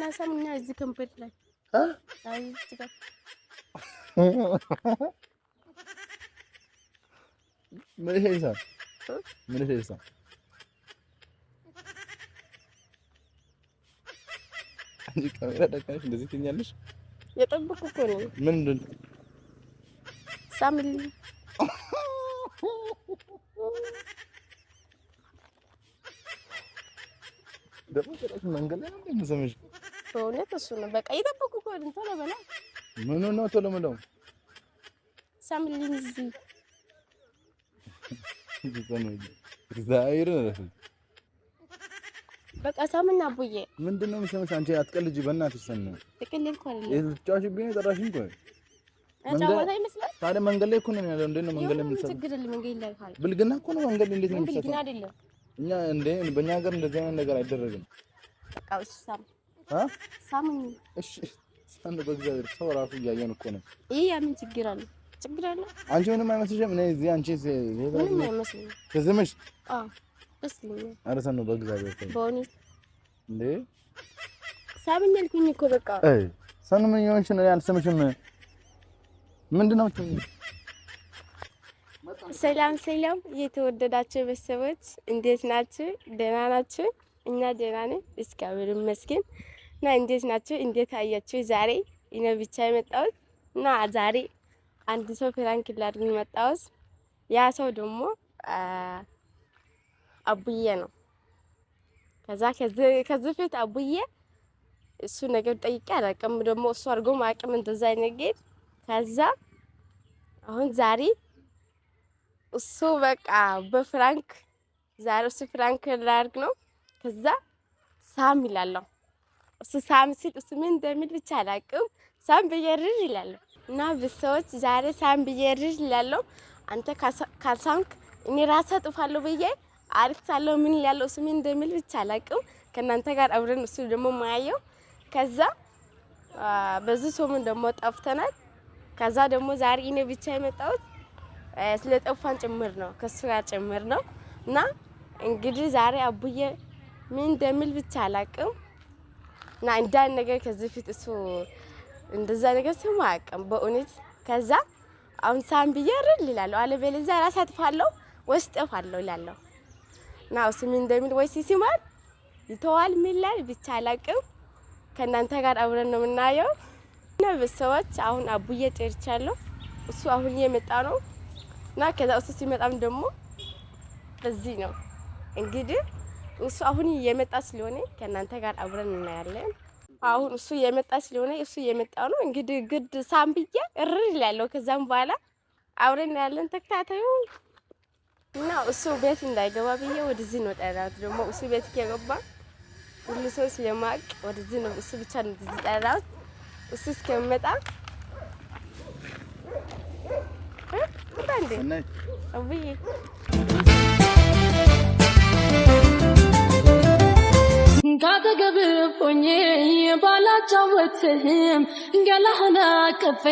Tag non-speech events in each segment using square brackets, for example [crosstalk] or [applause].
Nasema hizi computer. Ha? ምን ሄሳ ምን ሄሳ አንቺ ካሜራ ደቃሽ እንደዚህ ትኛለሽ? የጠብኩ እኮ ነው። ምንድን ሳምል ደግሞ መንገድ ላይ ነው እንደምሰምሽ በእውነት እሱ ነው በቃ የጠበቁ ኮልን ቶሎ በላ። ምኑ ነው ቶሎ ምለው በቃ ሳምና አቡዬ ምንድን ነው አንቺ አትቀልጂ በእናትሽ። ሰምና ትቀልል እኮ ታዲያ መንገድ ላይ እኮ ነው ያለው። እንዴት ነው መንገድ ላይ ብልግና እኮ ነው መንገድ ላይ። እንዴት ነው እኛ እንደ በእኛ ሀገር እንደዚህ አይነት ነገር አይደረግም። በቃ እሱ ሳም ሳሙኝ። እሺ ሳሙኝ። በእግዚአብሔር ሰው ራሱ እያየን እኮ ነው። ይሄ ያምን ችግር አለ ችግር አለ። አንቺ ምንም አይመስልሽም? እኔ እዚህ አንቺ ምንም አይመስልም። ትዝምሽ? ደስ ይለኛል። ኧረ ሰኑ በእግዚአብሔር በእውነት እንዴ ሳሙኝ አልኩኝ እኮ በቃ። ሰኑ ምን የሆንሽ ነው? አልሰምሽም። ምንድን ነው ሰላም ሰላም፣ የተወደዳችሁ ቤተሰቦች እንዴት ናችሁ? ደህና ናችሁ? እኛ ደህና ነን፣ እግዚአብሔር ይመስገን። እና እንዴት ናቸው? እንዴት አያቸው? ዛሬ እኔ ብቻ የመጣሁት እና ዛሬ አንድ ሰው ፍራንክ ላድርግ መጣሁት። ያ ሰው ደግሞ አቡዬ ነው። ከዛ ከዚህ ፊት አቡዬ እሱ ነገር ጠይቄ አላውቅም። ደግሞ እሱ አድርጎ አቅም እንደዛ ነገር ከዛ አሁን ዛሬ እሱ በቃ በፍራንክ ዛሬ እሱ ፍራንክ ላድርግ ነው። ከዛ ሳም ይላለው እሱ ሳም ሲል እሱ ምን እንደሚል ብቻ አላውቅም። ሳም ብየርር ይላለሁ እና ብሰዎች ዛሬ ሳም ብየርር ይላለሁ። አንተ ካልሳምክ እኔ ራሳ ጥፋለሁ ብዬ አሪፍ ምን ይላለሁ እሱ ምን እንደሚል ብቻ አላውቅም። ከእናንተ ጋር አብረን እሱ ደግሞ ማያየው ከዛ በዚህ ሰሞን ደግሞ ጠፍተናል። ከዛ ደግሞ ዛሬ እኔ ብቻ የመጣሁት ስለ ጠፋን ጭምር ነው ከሱ ጋር ጭምር ነው እና እንግዲህ ዛሬ አቡዬ ምን እንደሚል ብቻ አላውቅም። እና እንዳን ነገር ከዚህ ፊት እሱ እንደዛ ነገር ስሙ አያውቅም በእውነት። ከዛ አሁን ሳም ብዬ ርል ይላለሁ፣ አለበለዚያ ራሴ አጥፋለሁ ወይስ ጠፋለሁ ይላለሁ። እና እሱ ምን እንደሚል ወይስ ሲማር ይተዋል ሚላል ብቻ አላውቅም። ከእናንተ ጋር አብረን ነው የምናየው። እና ቤተሰቦች አሁን አቡዬ ጨርቻለሁ፣ እሱ አሁን እየመጣ ነው እና ከዛ እሱ ሲመጣም ደግሞ እዚህ ነው እንግዲህ እሱ አሁን እየመጣ ስለሆነ ከእናንተ ጋር አብረን እናያለን። አሁን እሱ እየመጣ ስለሆነ እሱ እየመጣ ነው እንግዲህ ግድ ሳምብያ እርር ይላለው። ከዛም በኋላ አብረን እናያለን። ተከታታዩ እና እሱ ቤት እንዳይገባ ብዬ ወደዚህ ነው ጠራሁት። ደግሞ እሱ ቤት ከገባ ሁሉ ሰው ስለማቅ ወደዚህ ነው እሱ ብቻ ነው ወደዚህ ጠራሁት። እሱ እስከመጣ እንዴ ካጠገብህ ሆኜ ባላጫወትህም ገላህን አቅፌ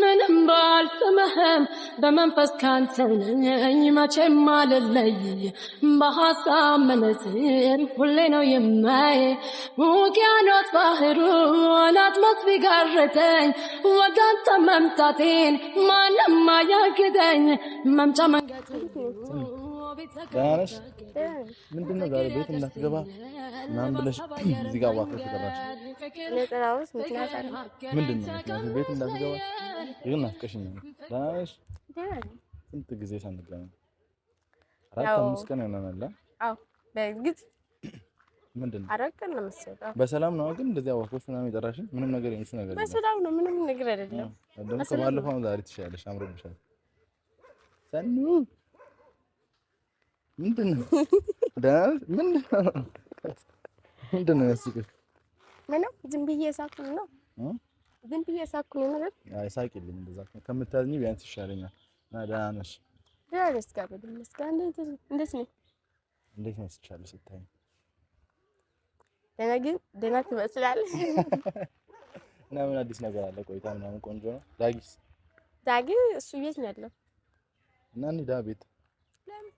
ምንም ባልስምህም በመንፈስ ካንተ ነኝ መቼም አልለይ በሀሳብ መነጽር ሁሌ ነው የማይ ውቅያኖስ ባህሩ አናት መስቢ ጋረተኝ ወዳንተ መምጣቴን ማንም አያግደኝ መምጫ መንገድ ደህና ነሽ? ምንድን ነው ዛሬ ቤት እንዳትገባ ምናምን ብለሽ እዚህ ጋር እባክህ ተጠራሽ። ምንድን ነው ምክንያቱ? ቤት እንዳትገባ ግን ናፍቀሽኝ ነው። ደህና ነሽ? ስንት ጊዜ ሳንገናኝ አራት አምስት ቀን ይሆናል። አዎ በእርግጥ ምንድን ነው በሰላም ነው ግን እንደዚህ አዋክቦች ምናምን የጠራሽኝ ምንም ነገር የምልሽ ነገር የለም። በሰላም ነው ምንም ነገር አይደለም። ከባለፈው ዛሬ ትሻለሽ፣ አምሮብሻል ሰኑ ምንድነው? ምንድነው ያስቅሽ? ምንም ዝም ብዬ ሳቅን ነው። ዝም ብዬ ሳቅን ነው ማለት አይ፣ ሳቅልኝ እንደዛ ከምታዝኝ ቢያንስ ይሻለኛል። እና ደህና ነሽ? ደህና ነሽ? እግዚአብሔር ይመስገን። እንዴት ነሽ? እንዴት መስቻለሁ ስታይ ደህና ግን ደህና ትመስላለህ። እና ምን አዲስ ነገር አለ? ቆይታ ምናምን ቆንጆ ነው። ዳጊስ ዳጊ እሱ ቤት ነው ያለው እና እንሂዳ ቤት ለምን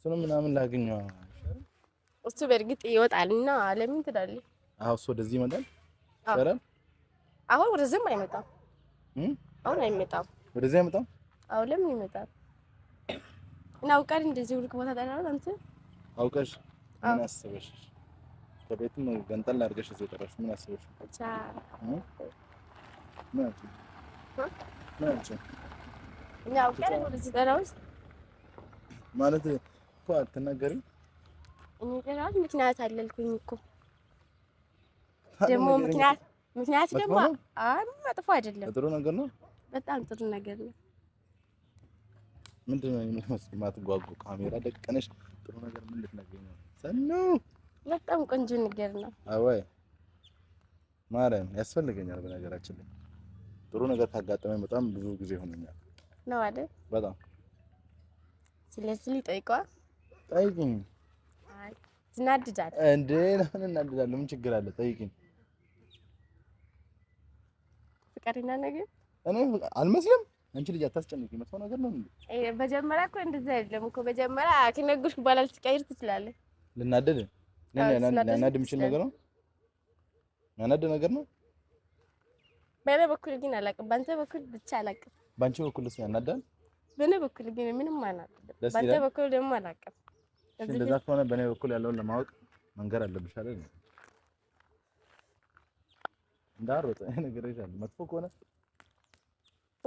እሱንም ምናምን ላገኘው እሱ በእርግጥ ይወጣልና ለምን ትላለህ? አዎ እሱ ወደዚህ ይመጣል። አረ አሁን ወደዚህም አይመጣም። አሁን አይመጣም። ወደዚህ አይመጣም። አዎ ለምን ይመጣል? እና አውቃል እንደዚህ ውልቅ ቦታ ጠራሁት። አንተ አውቀሽ ምን አስበሽ ነው ገንጠል አድርገሽ እዚህ ጠራሽ። ምን አስበሽ ማለት እኮ አትናገሪም። እኔ ምክንያት አለልኩኝ እኮ ደግሞ ምክንያት ምክንያት ደግሞ አይ መጥፎ አይደለም፣ ጥሩ ነገር ነው። በጣም ጥሩ ነገር ነው። ምንድን ነው ካሜራ ደቀነሽ ጥሩ ነገር ምን ልትነግሪኝ ነው? ሰኑ በጣም ቆንጆ ነገር ነው። ማርያም ያስፈልገኛል። በነገራችን ላይ ጥሩ ነገር ካጋጠመኝ በጣም ብዙ ጊዜ ነው አይደል? በጣም ስለዚህ ሊጠይቀዋል ጠይቂኝ። እናድዳለን እንዴ? ለምን እናድዳለን? ምን ችግር አለ? ጠይቂኝ። ፍቃደኛ ነገር እኔ አልመስልም። አንቺ ልጅ አታስጨንቂ። መጥፎ ነገር ነው እንዴ? መጀመሪያ እኮ እንደዚህ አይደለም እኮ መጀመሪያ ከነገርኩሽ በኋላ ልትቀይር ትችላለህ። ልናደድ ልናደድ የምችል ነገር ነው ያናደ ነገር ነው። በእኔ በኩል ግን አላውቅም። በአንተ በኩል ብቻ አላውቅም። በአንቺ በኩል ያናዳል። በእኔ በኩል ግን ምንም አናደድም። በአንተ በኩል ደግሞ አላውቅም። እንደዛ ከሆነ በእኔ በኩል ያለውን ለማወቅ መንገር አለብሽ አይደል? እንዳሮጠ መጥፎ ከሆነ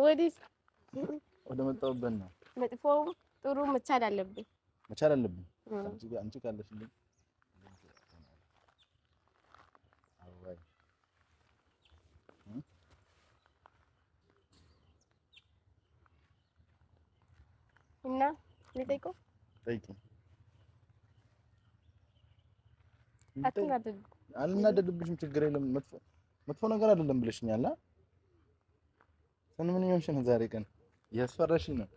ወዲህ ወደ መጣሁበት ነው። መጥፎ ጥሩ መቻል አለብኝ፣ መቻል አለብኝ። አንቺ ካለሽ እና ልጠይቀው ጠይቂኝ አልናደድብሽም፣ ችግር የለም። መጥፎ መጥፎ ነገር አይደለም ብለሽኛል። ምን ይሆንሽ ነው? ዛሬ ቀን እያስፈራሽኝ ነው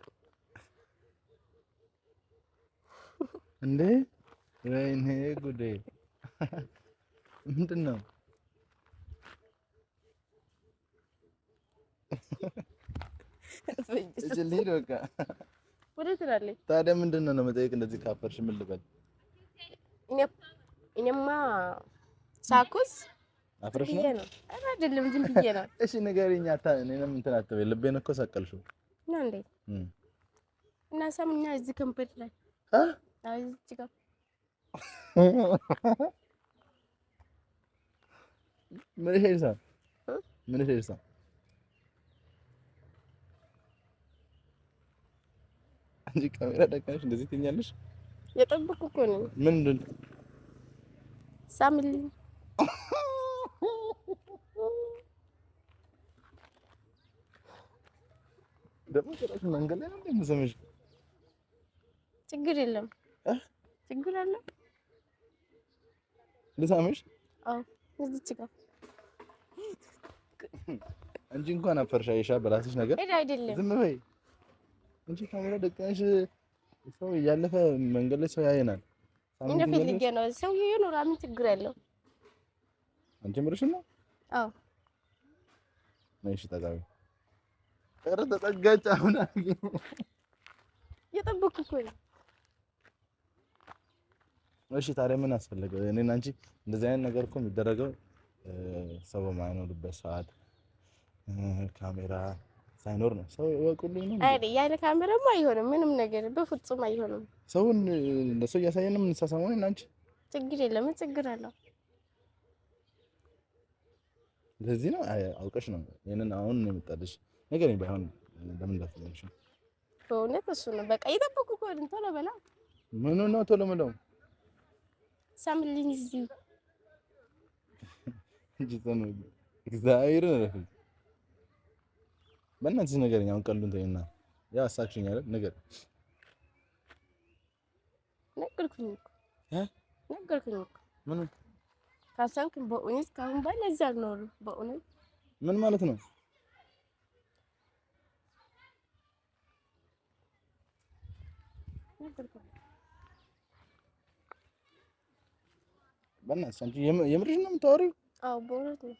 እንዴ? ወይኔ ጉዴ! ምንድን ነው ታዲያ? ምንድን ነው መጠየቅ? እንደዚህ ካፈርሽ ምን ልበል? እኔማ ሳኩስ አፍረሽ ነው አይደለም፣ ዝም ብዬ ነው። እሺ ንገሪኝ። እኔንም እንትን አትበይ። ልቤን እኮ ሰቀልሽው እና እንዴ እና ሳምኛ እዚህ ከንበት ላይ ምን ሄድሳ ምን ሄድሳ አንቺ ካሜራ ደቀነሽ እንደዚህ ትኛለሽ? የጠበኩ እኮ ነው። ምንድን ነው ሳምልኝ ችግር የለም ችግር አለ። ልሳምሽ? አዎ እዚች ጋር እንጂ እንኳን አፈርሽ አይሻ በራስሽ ነገር አይደለም። ዝም በይ እንጂ ካሜራ ደቀንሽ። ሰው እያለፈ መንገድ ላይ ሰው ያየናል። እንደፊት ልጄ ነው ሰውዬው ይኑራ፣ ምን ችግር ያለው? አንቺ ምርሽን ነው? አዎ ነሽ ተጋቢ ኧረ ተጠጋች። አሁን እየጠበኩ እኮ ነው። እሺ ታዲያ ምን አስፈለገ? እኔና አንቺ እንደዚህ አይነት ነገር እኮ የሚደረገው ሰው በማይኖርበት ሰዓት ካሜራ ሳይኖር ነው ሰው ወቁልኝ ነው። አይ ያለ ካሜራማ አይሆንም፣ ምንም ነገር በፍጹም አይሆንም። ሰውን ለሰው እያሳየን የምንሳሳመው እናንቺ አንቺ ችግር የለም ችግር አለው። ለዚህ ነው አውቀሽ ነው ይሄንን አሁን ነው የመጣልሽ ነገር ነው ባይሆን ለምን ላትለምሽ በእውነት እሱ ነው በቃ የጠበቁ እኮ ቶሎ በላ ምን ነው ቶሎ ምለው ሳምልኝ እዚህ እንጂ እግዚአብሔር ነው በእናትህ ነገር አሁን ቀሉን ተይና፣ ያ አሳክሽኝ አይደል ነገር ነገርኩኝ እኮ እ ነገርኩኝ እኮ ምን ካሰብክ በእውነት ካሁን አልኖርም። በእውነት ምን ማለት ነው? በእናትሽ አንቺ የምርሽ ነው የምታወሪው? አዎ በእውነት ነው።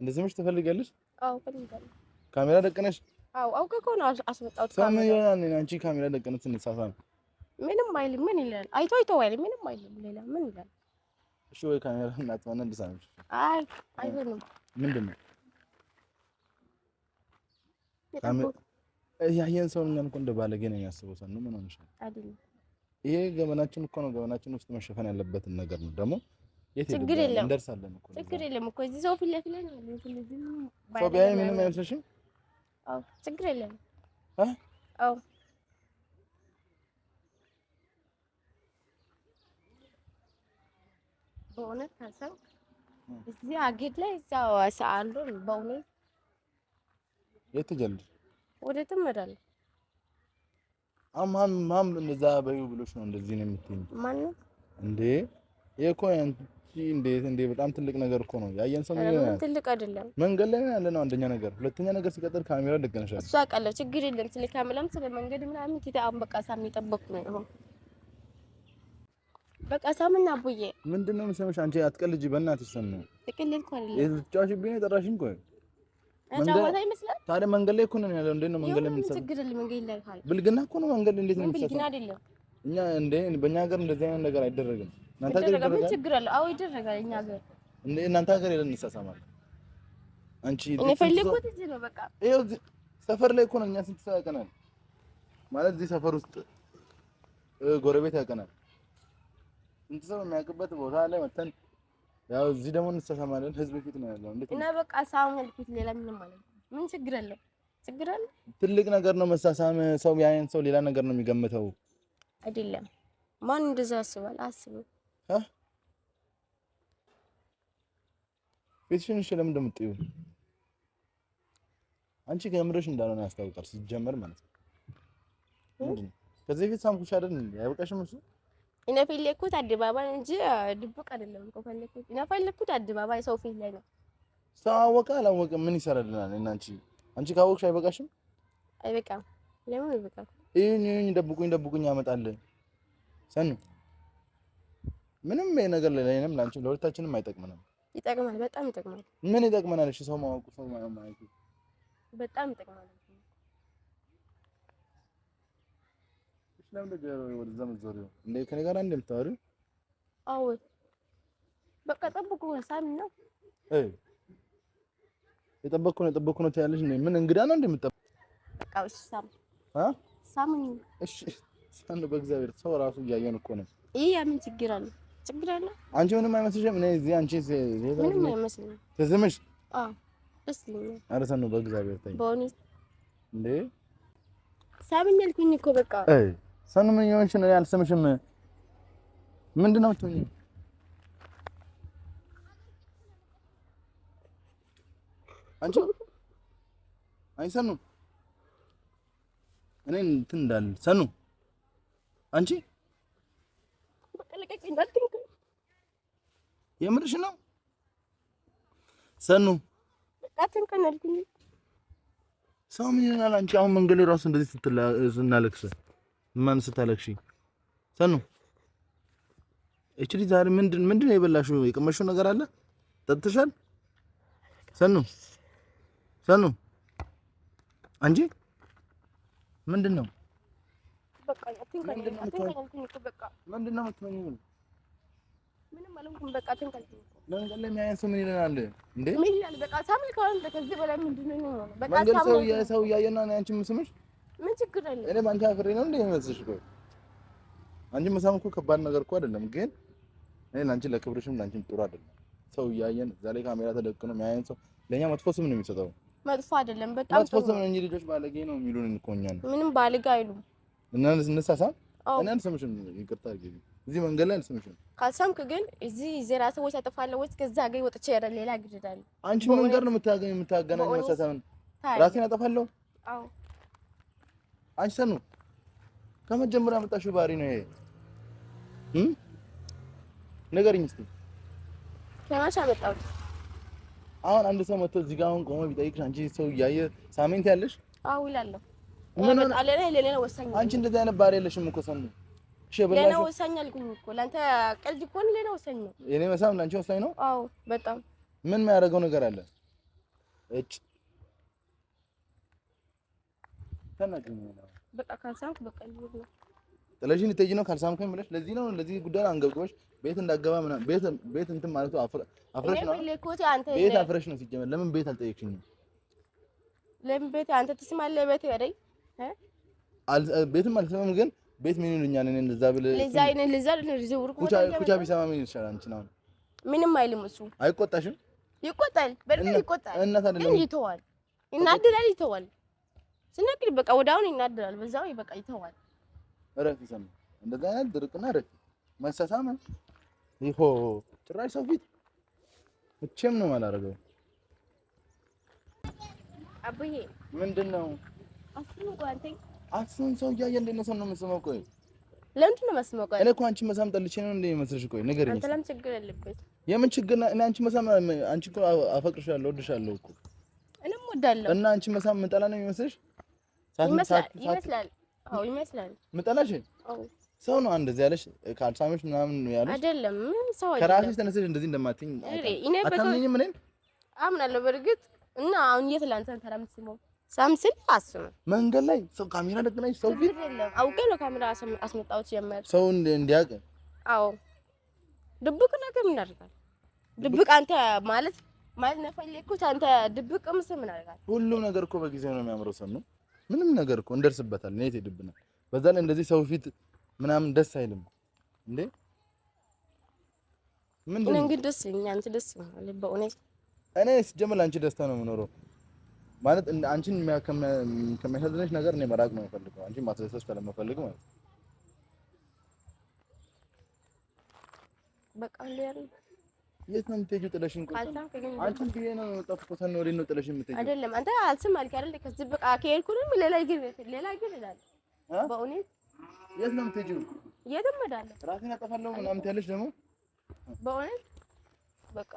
እንደዚህ ምሽ ትፈልጋለሽ? አዎ ካሜራ ደቅነሽ? አዎ አውቄ እኮ ነው አስመጣሁት። ካሜራ ነኝ አንቺ ካሜራ ደቅነሽ እንሳሳ ነው። ምንም አይልም። ምን ይላል? አይቶ አይቶ አይልም። ምንም አይልም። ሌላ ምን ይላል? እሺ ወይ ካሜራ እናጥፋና እንድሳምሽ። አይ አይሆንም። ምንድን ነው ያየን ሰው እኛን እኮ እንደ ባለጌ ነው የሚያስበው። ሰው ምን ሆነሻል? ይሄ ገመናችን እኮ ነው። ገመናችን ውስጥ መሸፈን ያለበትን ነገር ነው ደግሞ ችግር የለም ችግር የለም እኮ እዚህ ሰው ፊት ለፊት ላይ ነው ያለው። ስለዚህ ሰው ምንም አይመስልሽም? አዎ ችግር የለም። አዎ በእውነት ካሰብክ እዚህ አጌድ ላይ እዛው ሰዓሉ በእውነት የት ትጀምር ወዴትም እሄዳለሁ። አማን ማም እንደዛ በይው ብሎሽ ነው እንደዚህ ነው የምትይኝ? ማን እንዴ? ይሄ እኮ እንዴት እንዴ! በጣም ትልቅ ነገር እኮ ነው። ያየን ሰው ነው ትልቅ አይደለም። መንገድ ላይ ያለ ነው አንደኛ ነገር፣ ሁለተኛ ነገር ሲቀጥል ካሜራ ደቀነሻል። እሱ አውቃለሁ፣ ችግር የለም። ስለ ካሜራም ስለ መንገድ ምናምን ኪታ በቃ ሳም እየጠበኩ ነው። ይሁን በቃ ሳም እና አቡዬ፣ ምንድነው የምሰማሽ? አንቺ አትቀልጂ፣ በእናትሽ ሰም ነው ትቀልል እኮ አይደለም። እዚህ ልትጫወቺብኝ ነው የጠራሽኝ እኮ ታዲያ መንገድ ላይ እኮ ነን ያለው። እንዴት ነው መንገድ ላይ የምንሰማው? ችግር የለም። መንገድ ላይ ብልግና እኮ ነው መንገድ። እንዴት ነው ብልግና? አይደለም እኛ እንደ በእኛ ሀገር እንደዚህ አይነት ነገር አይደረግም። ሀገር እናንተ ሀገር ሰፈር ላይ እኮ ነው እኛ ስንት ሰው ያውቀናል ማለት እዚህ ሰፈር ውስጥ ጎረቤት ያውቀናል። ስንት ሰው የሚያውቅበት ቦታ ላይ መተን ያው እዚህ ደግሞ እንሳሳማለን። ህዝብ ፊት ነው ያለው እና በቃ ፊት ሌላ ምንም ማለት ምን ችግር አለው? ችግር ትልቅ ነገር ነው መሳሳም። ሰው ሰው ሌላ ነገር ነው የሚገምተው አይደለም። ማን እንደዛ ያስባል? አስበው ቤትሽን እሺ፣ ለምን እንደምትጠይው አንቺ ከምረሽ እንዳልሆነ ያስታውቃል። ሲጀመር ማለት ነው። ከዚህ ፊት ሳምኩሽ አይደል? አይበቃሽም? እሱ የፈለኩት አደባባይ እንጂ ድብቅ አይደለም እኮ ፈለኩት። የፈለኩት አደባባይ ሰው ፊት ላይ ነው። ሰው አወቀ አላወቀ ምን ይሰራልናል? እና አንቺ አንቺ ካወቅሽ አይበቃሽም? አይበቃም። ለምን አይበቃም? ይሁን ይሁን፣ ደብቁኝ ደብቁኝ ያመጣል ሰኑ ምንም ነገር ለኔም ላንቺ ለሁለታችንም አይጠቅምንም። ይጠቅማል፣ በጣም ይጠቅማል። ምን ይጠቅመናል? እሺ ሰው ማወቁ ሰው ማየቱ በጣም ይጠቅማል። ለምን ከኔ ጋር እንደምታወሪ አዎ፣ በቃ ጠብቁ ሳሚ ነው እይ የጠበቅኩ ነው የጠበቅኩ ነው ትያለሽ። ምን እንግዳ ነው እንደምጠብቅ በቃ እሺ ሳሚ አ ሳሚ እሺ በእግዚአብሔር ሰው ራሱ እያየን እኮ ነው። ይሄ ምን ችግር አለው? አንቺ ምንም አይመስልሽም? እኔ እዚህ አንቺ ምንም አይመስልም። ትዝምሽ? አዎ ደስ ይለኛል። ኧረ ሰነው በእግዚአብሔር ተይኝ። በእውነት እንዴ ሳብኝ አልኩኝ እኮ በቃ። አይ ሰኑ ምን የሆንሽ ነው? አልሰምሽም። ምንድን ነው የምትሆኚ? አንቺ አይ ሰኑ እኔ እንትን እንዳለ ሰኑ አንቺ በቃ ለቀቂ እንዳልኩኝ የምርሽ ነው ሰኑ። ሰው ምን ይሆናል? አንቺ አሁን መንገድ ላይ ራሱ እንደዚህ ስናለቅስ ማን ስታለቅሽ? ሰኑ እቺ ዛሬ ምንድን ምንድን ነው የበላሽው? የቀመሽው ነገር አለ? ጠጥተሻል? ሰኑ ሰኑ አንቺ ምንድን ነው? በቃ ምንድን ነው የምትመኘው? ምንም መንገድ ሰው ምን ይለናል እንዴ? ምን ይላል? በቃ ሰው እያየና አንቺ ምስምሽ ምን ችግር አለ? እኔ በአንቺ አፍሬ ነው እንዴ የሚመስልሽ? ቆይ አንቺ መሳም እኮ ከባድ ነገር እኮ አይደለም፣ ግን እኔ ለአንቺ ለክብርሽም ለአንቺም ጥሩ አይደለም። ሰው እያየን እዛ ላይ ካሜራ ተደቅኖ የሚያየን ሰው ለእኛ መጥፎ ስም ነው የሚሰጠው። መጥፎ አይደለም፣ በጣም መጥፎ ስም ነው እንጂ ልጆች ባለጌ ነው የሚሉን እኮ እኛን። ምንም ባለጌ አይሉም። እና እንሳሳም እኔ አልሰምሽም፣ ይቅርታ አድርጊልኝ። እዚህ መንገድ ላይ አልሰምሽም። ካልሰምክ ግን እዚህ ዜራ ወይ አጠፋለሁ ወይ ከዛ አገኝ ወጥቼ ያለ ሌላ ግድዳለሁ? አንቺ መንገድ ነው የምታገኝ የምታገናኝ መሳሳምን ራሴን አጠፋለሁ። አዎ አንቺ ሰኑ ከመጀመሪያ መጣሽው ባህሪ ነው ይሄ። ንገሪኝ እስኪ ከማሽ አመጣሁት። አሁን አንድ ሰው መጥቶ እዚህ ጋር አሁን ቆሞ ቢጠይቅሽ አንቺ ሰው እያየ ሳሜንት ያለሽ? አዎ ይላለሁ አንቺ እንደዚህ አይነት ባህሪ የለሽም እኮ ሰኑ። ሌላ ወሳኝ አልኩኝ እኮ ለአንተ ቀልድ እኮ ነው። ሌላ ወሳኝ ነው። የኔ መሳም ለአንቺ ወሳኝ ነው። አዎ በጣም ምን የሚያደርገው ነገር አለ? እጭ ተናግኝ ነው ጥለሽኝ ልትሄጂ ነው ካልሳምከኝ ብለሽ ለዚህ ነው ለዚህ ጉዳይ አንገብግበሽ ቤት እንዳገባ ምናምን ቤት ቤት እንትን ማለቱ አፍረሽ ነው። ቤት አፍረሽ ነው ሲጀመር። ለምን ቤት አልጠየቅሽኝም? ለምን ቤት አንተ ትስማለህ ቤት ያደይ ቤትም አልሰማም፣ ግን ቤት ምን ይሉኛል? እኔ እንደዛ ብለ ለዛ አይነ ለዛ ኩቻ ቢሰማ ምን ይሻላል? አንቺ ነው ምንም አይልም እሱ። አይቆጣሽም? ይቆጣል፣ በእርግጥ ይቆጣል፣ ግን ይተዋል። ይናደዳል፣ ይተዋል። ስነግድ በቃ ወደ አሁን ይናደዳል፣ በዛው በቃ ይተዋል። እረፍ ይሰማ እንደዛ አይነት ድርቅና እረፍ መሰሳም ይሆ ጭራሽ ሰው ፊት እቼም ነው አላደርገውም። አቡዬ ምንድን ነው አክሱም ሰው እያየ እንደት ነው ሰው ነው የምትስመው? ቆይ ለምንድን ነው ቆይ እኔ እኮ አንቺን መሳም ጠልቼ ነው እንደ ቆይ ንገሪኝ። አንተ ለምን ችግር የምን ችግር ነው? እኔ አንቺን መሳም አንቺ እኮ አፈቅርሻለሁ፣ እኮ እኔም እና አንቺን መሳም የምጠላ ነው የሚመስልሽ? ይመስላል። አዎ ይመስላል። የምጠላሽ ሰው ነው እንደዚህ ያለሽ ምናምን ያለሽ አይደለም። ሰው አይደለም። ከራስሽ ተነስተሽ እንደዚህ እንደማትይኝ እኔን አምናለሁ በእርግጥ እና አሁን የት ሳምስን አስመ መንገድ ላይ ሰው ካሜራ ደግናይ ሰው ፊት አውቄ ነው ካሜራ አስመጣሁት። ጀመር ሰው እንዲያውቅ። አዎ ድብቅ ነገር ምን አደርጋለሁ? ድብቅ አንተ ማለት ማለት ነው የፈለግኩት አንተ ድብቅ ምስል ምን አደርጋለሁ? ሁሉም ነገር እኮ በጊዜ ነው የሚያምረው። ሰው ነው ምንም ነገር እኮ እንደርስበታል። እኔ ትሄድብናል። በዛ ላይ እንደዚህ ሰው ፊት ምናምን ደስ አይልም እንዴ? ምን ነው እንግዲህ ደስ ይለኛል። አንቺ ደስ ይለኛል በእውነት እኔ ስጀምር አንቺ ደስታ ነው የምኖረው ማለት አንቺን ከሚያሳዝንሽ ነገር እኔ መራቅ ነው የምፈልገው፣ ማስደሰት ስለምፈልግ ማለት ነው። በቃ የት ነው የምትሄጂው? አንቺን ነው ወዴት ነው የምትሄጂው? አይደለም አንተ አልስም አልክ አይደል? ከዚህ በቃ ከሄድኩንም ሌላ ግብ ሌላ ግብ በእውነት የት ነው የምትሄጂው? የትም እሄዳለሁ። ራሴን አጠፋለሁ ምናምን ትያለሽ ደግሞ በእውነት በቃ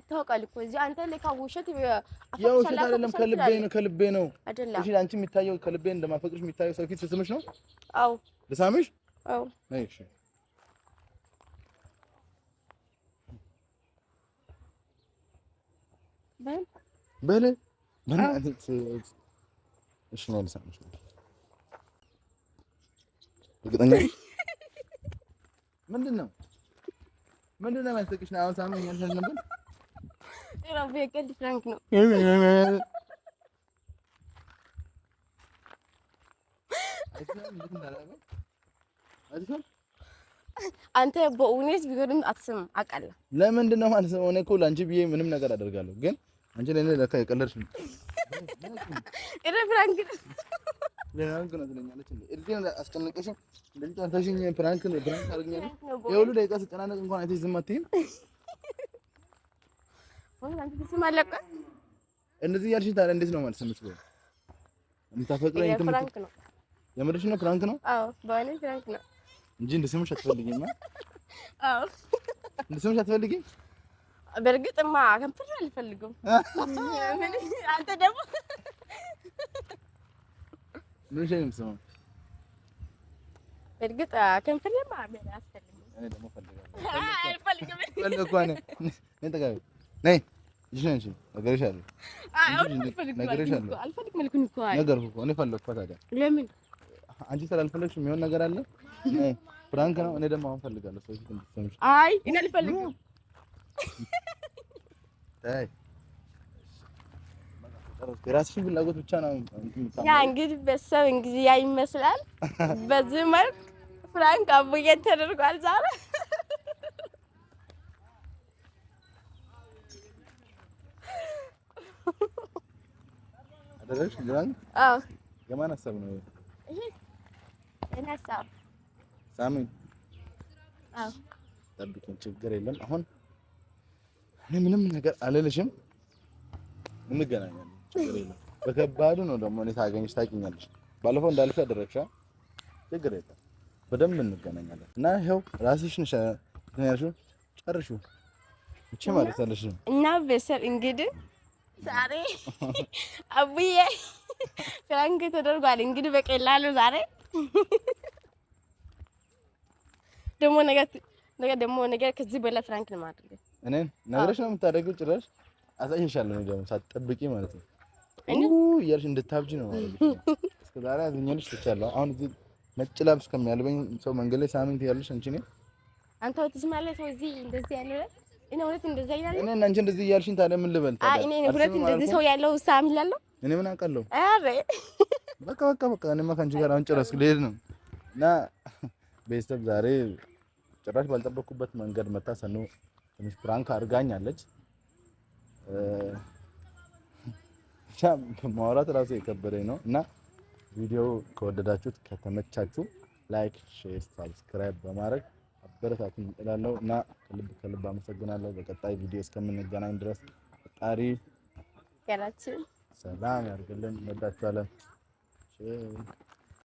ይታወቃል እኮ እዚህ አንተ ላይ ካውሸት ያው ውሸት አይደለም፣ ከልቤ ነው ከልቤ ነው። እሺ አንቺ የሚታየው ከልቤ እንደማፈቅርሽ የሚታየው ሰው ፊት ስትስምሽ ነው። አዎ ልሳምሽ። አዎ እሺ በል በል በእናትህ እሺ ነው ልሳምሽ። እርግጠኛ [laughs] ምንድን ነው ምንድን ነው የሚያስጠቅሽ? አሁን ሳምሽ ነበር የቀልድ አንተ በእውነት ቢሆንም አትስም አውቃለሁ። ለምንድን ነው ማለት ነው? እኮ ለአንቺ ብዬ ምንም ነገር አደርጋለሁ፣ ግን አንቺ ላይ ለካ የቀለድሽ ነው። ፍራንክ ነው ፍራንክ ነው። ይኸውልህ ደቂቃ ስጨናነቅ እንኳን አይተሽ ዝም አትይም እንደዚህ ያልሽኝ ታዲያ እንዴት ነው ማለት የምትለው? የምታፈቅረኝ የምርሽ ነው? ፕራንክ ነው? አዎ በእኔ ፕራንክ ነው እንጂ እንድስምሽ አትፈልጊም። አዎ እንድስምሽ አትፈልጊም። በእርግጥማ ከንፈር አልፈልግም። አንተ ደግሞ ምን ሸኝ የምትስመው? በእርግጥ ከንፈር አልፈልግም። እኔ ደግሞ እፈልጋለሁ። አልፈልግም ነይ ልጅ እነግርሻለሁ። ነገርኩ እኮ እኔ ታዲያ ለምን አንቺ ስላልፈለግሽ የሚሆን ነገር አለ? ፍራንክ ነው። እኔ ደግሞ አሁን ፈልጋለሁ ሰው ፊት አይ እኔ አልፈልግም። አይ የራስሽን ፍላጎት ብቻ ነው። ያ እንግዲህ እንግዲህ ያ ይመስላል። በዚህ መልክ ፍራንክ አቡዬ ተደርጓል ዛሬ አደረግሽ? አዎ። የማን ሀሳብ ነው ይሄ? እኔ ሀሳብ ሳሚን። አዎ። ጠብቂኝ፣ ችግር የለም። አሁን እኔ ምንም ነገር አልልሽም፣ እንገናኛለን። ችግር የለም። በከባዱ ነው ደግሞ እኔ ታገኝሽ፣ ታውቂኛለሽ። ባለፈው እንዳልሽ አደረግሻ፣ ችግር የለም። በደንብ እንገናኛለን እና ይኸው ራስሽን ጨርሺው። መቼም አልረሳልሽም እና ቤተሰብ እንግዲህ ዛሬ [laughs] አቡዬ ፍራንክ ተደርጓል። እንግዲህ በቀላሉ ዛሬ ደግሞ ነገር ደግሞ ነገር ከዚህ በላይ ፍራንክ ነው የማደርገው። እኔን ነገሮች ነው የምታደርገው። ጭራሽ አሳይሻለሁ። ነው ደግሞ ሳትጠብቂ ማለት ነው እያልሽ እንድታብጂ ነው ማለት እስከ ዛሬ አዝኛለሽ፣ ትቻለሁ። አሁን እዚህ ነጭ ላብስ ከሚያልበኝ ሰው መንገድ ላይ ሳምንት ያለሽ አንቺ ነኝ አንተ ወጥስ ማለት ነው እዚህ እንደዚህ ያለው እኔ እውነት እንደዛ እኔ እንደዚህ እያልሽኝ ታዲያ ምን ልበል? አይ እኔ እንደዚህ ሰው ያለው እኔ ምን አውቃለሁ? አረ በቃ በቃ በቃ እኔማ ከአንቺ ጋር አሁን ጭራሽ ልሄድ ነው እና ቤተሰብ ዛሬ ጭራሽ መንገድ መታ ሰኑ ትንሽ ፕራንክ አድርጋኛለች። ብቻ ማውራት እራሱ የከበደኝ ነው እና ቪዲዮ ከወደዳችሁት ከተመቻችሁ ላይክ፣ ሼር፣ ሰብስክራይብ በማድረግ በረታቱኝ እላለሁ እና ከልብ ከልብ አመሰግናለሁ። በቀጣይ ቪዲዮ እስከምንገናኝ ድረስ ፈጣሪ ያላችሁ ሰላም ያድርግልን። እንወዳችኋለን።